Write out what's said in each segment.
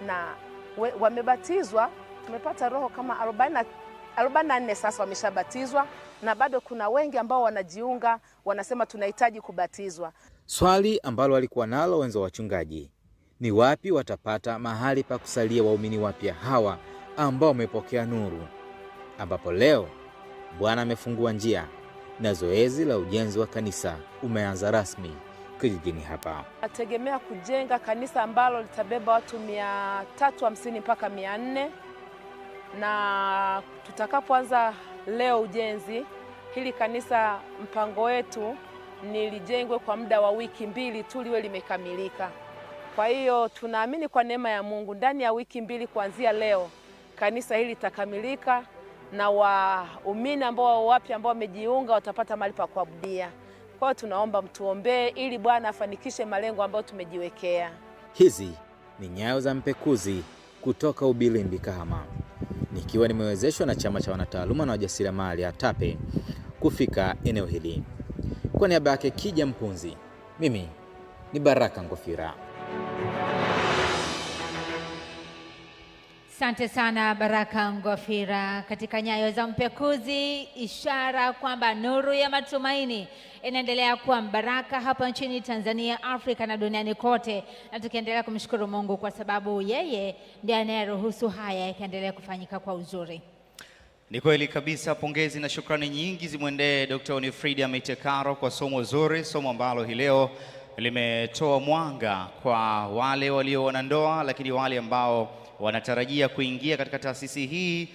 na wamebatizwa tumepata roho kama arobaini na sasa wameshabatizwa, na bado kuna wengi ambao wanajiunga, wanasema tunahitaji kubatizwa. Swali ambalo walikuwa nalo wenza wachungaji ni wapi watapata mahali pa kusalia waumini wapya hawa ambao wamepokea nuru, ambapo leo Bwana amefungua njia na zoezi la ujenzi wa kanisa umeanza rasmi kijijini hapa. Nategemea kujenga kanisa ambalo litabeba watu mia tatu hamsini mpaka mia nne na tutakapoanza leo ujenzi, hili kanisa mpango wetu ni lijengwe kwa muda wa wiki mbili tu liwe limekamilika. Kwa hiyo tunaamini kwa neema ya Mungu, ndani ya wiki mbili kuanzia leo kanisa hili litakamilika na waumini ambao wapya ambao wamejiunga watapata mahali pa kuabudia. Kwa tunaomba mtuombee ili Bwana afanikishe malengo ambayo tumejiwekea. Hizi ni Nyayo za Mpekuzi kutoka Ubilindi, Kahama, nikiwa nimewezeshwa na Chama cha Wanataaluma na Wajasiriamali ATAPE kufika eneo hili. Kwa niaba yake Kija Mpunzi, mimi ni Baraka Ngofira. Asante sana Baraka Ngwafira. Katika nyayo za mpekuzi, ishara kwamba nuru ya matumaini inaendelea kuwa mbaraka hapa nchini Tanzania, Afrika na duniani kote, na tukiendelea kumshukuru Mungu kwa sababu yeye ndiye anayeruhusu haya yakiendelea kufanyika kwa uzuri. Ni kweli kabisa. Pongezi na shukrani nyingi zimwendee Dr. Onifrida mitekaro kwa somo zuri, somo ambalo hii leo limetoa mwanga kwa wale walio wanandoa, lakini wale ambao wanatarajia kuingia katika taasisi hii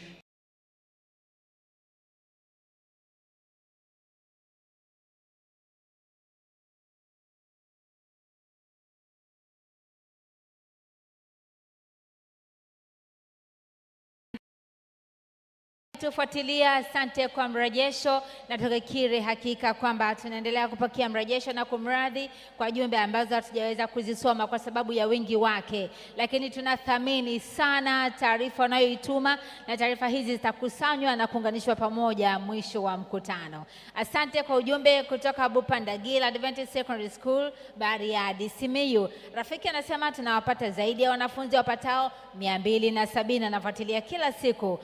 kutufuatilia, asante kwa mrejesho, na tukikiri hakika kwamba tunaendelea kupokea mrejesho na kumradhi kwa jumbe ambazo hatujaweza kuzisoma kwa sababu ya wingi wake, lakini tunathamini sana taarifa unayoituma na taarifa hizi zitakusanywa na kuunganishwa pamoja mwisho wa mkutano. Asante kwa ujumbe kutoka Bupandagila Adventist Secondary School Bariadi Simiyu. Rafiki anasema tunawapata zaidi ya wanafunzi wapatao mia mbili na sabini, anafuatilia kila siku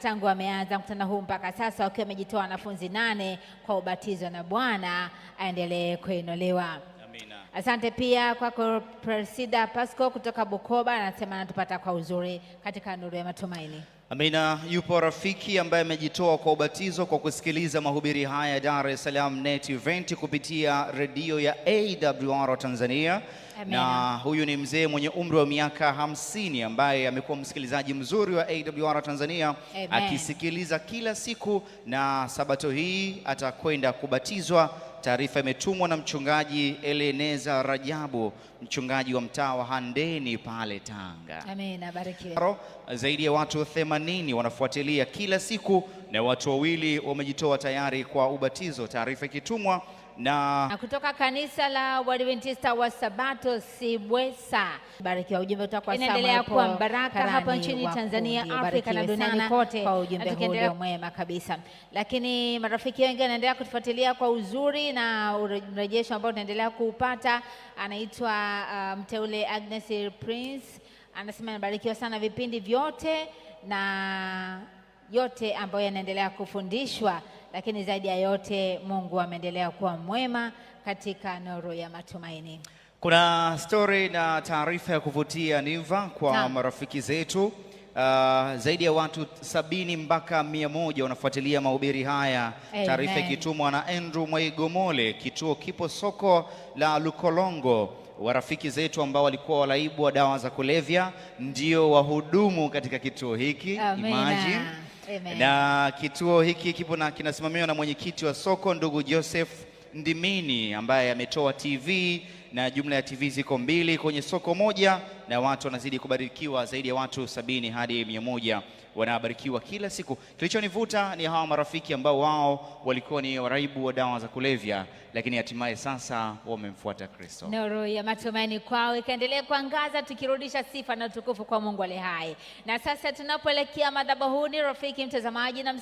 tangu ameanza umeanza mkutano huu mpaka sasa wakiwa wamejitoa wanafunzi nane kwa ubatizo, na Bwana aendelee kuinuliwa. Amina. Asante pia kwako Presida Pasco kutoka Bukoba, anasema anatupata kwa uzuri katika nuru ya matumaini. Amina. Yupo rafiki ambaye amejitoa kwa ubatizo kwa kusikiliza mahubiri haya Dar es Salaam Net Event kupitia redio ya AWR Tanzania. Amina. Na huyu ni mzee mwenye umri wa miaka hamsini ambaye amekuwa msikilizaji mzuri wa AWR Tanzania Amen. Akisikiliza kila siku na sabato hii atakwenda kubatizwa Taarifa imetumwa na mchungaji Eleneza Rajabu, mchungaji wa mtaa wa Handeni pale Tanga. Amen, abarikiwe. Zaidi ya watu 80 wanafuatilia kila siku na watu wawili wamejitoa tayari kwa ubatizo, taarifa ikitumwa na, na kutoka kanisa la Waadventista wa Sabato Sibwesa. Barikiwa ujumbe utakuwa inaendelea kuwa mbaraka hapa nchini Tanzania, Afrika na duniani kote, kwa ujumbe huu mwema kabisa. Lakini marafiki wengi wanaendelea kutufuatilia kwa uzuri na mrejesho ambao tunaendelea kuupata. Anaitwa uh, mteule Agnes Prince anasema anabarikiwa sana vipindi vyote na yote ambayo yanaendelea kufundishwa lakini zaidi ya yote Mungu ameendelea kuwa mwema katika nuru ya matumaini. Kuna stori na taarifa ya kuvutia Niva kwa Ta. marafiki zetu uh, zaidi ya watu sabini mpaka mia moja wanafuatilia mahubiri haya. Taarifa ikitumwa na Andrew Mwaigomole. Kituo kipo soko la Lukolongo. Warafiki zetu ambao walikuwa walaibu wa dawa za kulevya ndio wahudumu katika kituo hiki. Imagine Amen. Na kituo hiki kipo na kinasimamiwa na mwenyekiti wa soko ndugu Joseph Ndimini ambaye ametoa TV na jumla ya TV ziko mbili kwenye soko moja, na watu wanazidi kubarikiwa, zaidi ya watu sabini hadi mia moja wanabarikiwa kila siku. Kilichonivuta ni hawa marafiki ambao wao walikuwa ni waraibu wa dawa za kulevya, lakini hatimaye sasa wamemfuata Kristo. Nuru ya matumaini kwao ikaendelea kuangaza, tukirudisha sifa na utukufu kwa Mungu aliye hai. Na sasa tunapoelekea madhabahuni, rafiki mtazamaji na